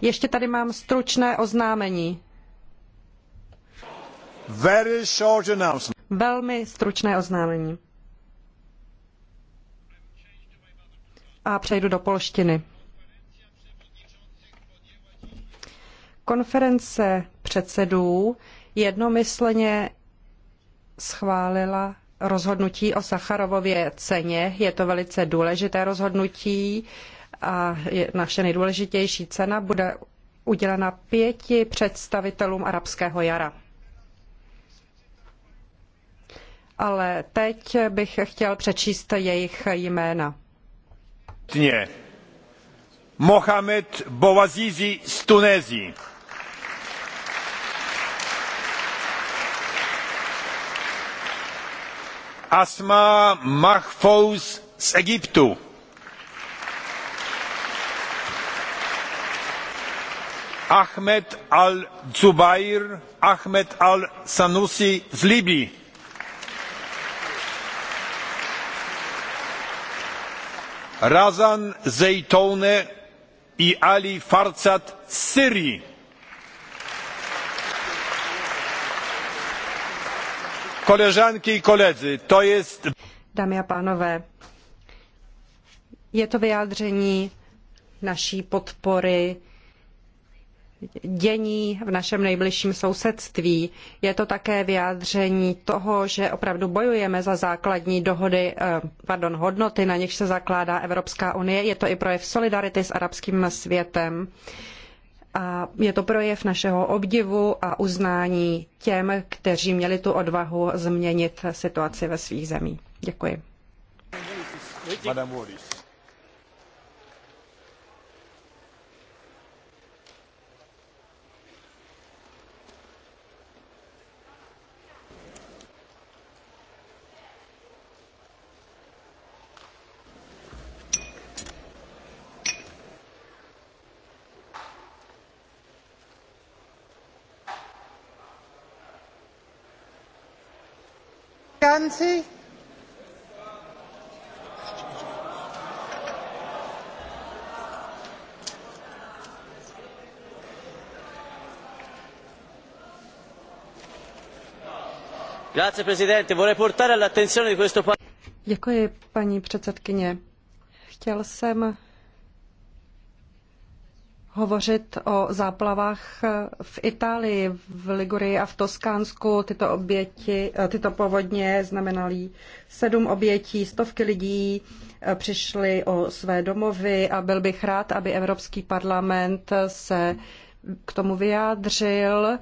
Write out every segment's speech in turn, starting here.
Ještě tady mám stručné oznámení. Very short Velmi stručné oznámení. A přejdu do polštiny. Konference předsedů jednomyslně schválila rozhodnutí o Sacharovově ceně. Je to velice důležité rozhodnutí a je naše nejdůležitější cena bude udělena pěti představitelům arabského jara. Ale teď bych chtěl přečíst jejich jména. Tně. Mohamed Bouazizi z Tunézie. Asma Mahfouz z Egyptu. Ahmed al-Zubair Ahmed al-Sanusi z libye. Razan Zejtoune i Ali Farzad z Syrii. Koleżanki i koledzy, to jest... Dámy a pánové, je to vyjádření naší podpory dění v našem nejbližším sousedství. Je to také vyjádření toho, že opravdu bojujeme za základní dohody, eh, pardon, hodnoty, na nichž se zakládá Evropská unie. Je to i projev solidarity s arabským světem. A je to projev našeho obdivu a uznání těm, kteří měli tu odvahu změnit situaci ve svých zemích. Děkuji. Madame Wallis. Franci? Grazie Presidente, vorrei portare all'attenzione di questo Děkuji, paní předsedkyně. Chtěl jsem hovořit o záplavách v Itálii, v Ligurii a v Toskánsku. Tyto, oběti, eh, tyto povodně znamenaly sedm obětí, stovky lidí eh, přišly o své domovy a byl bych rád, aby Evropský parlament se k tomu vyjádřil eh,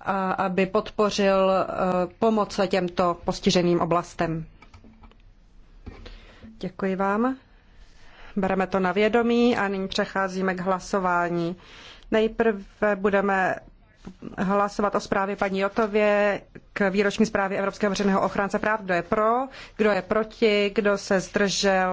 a aby podpořil pomoc těmto postiženým oblastem. Děkuji vám. Bereme to na vědomí a nyní přecházíme k hlasování. Nejprve budeme hlasovat o zprávě paní Jotově k výroční zprávě Evropského veřejného ochránce práv. Kdo je pro, kdo je proti, kdo se zdržel?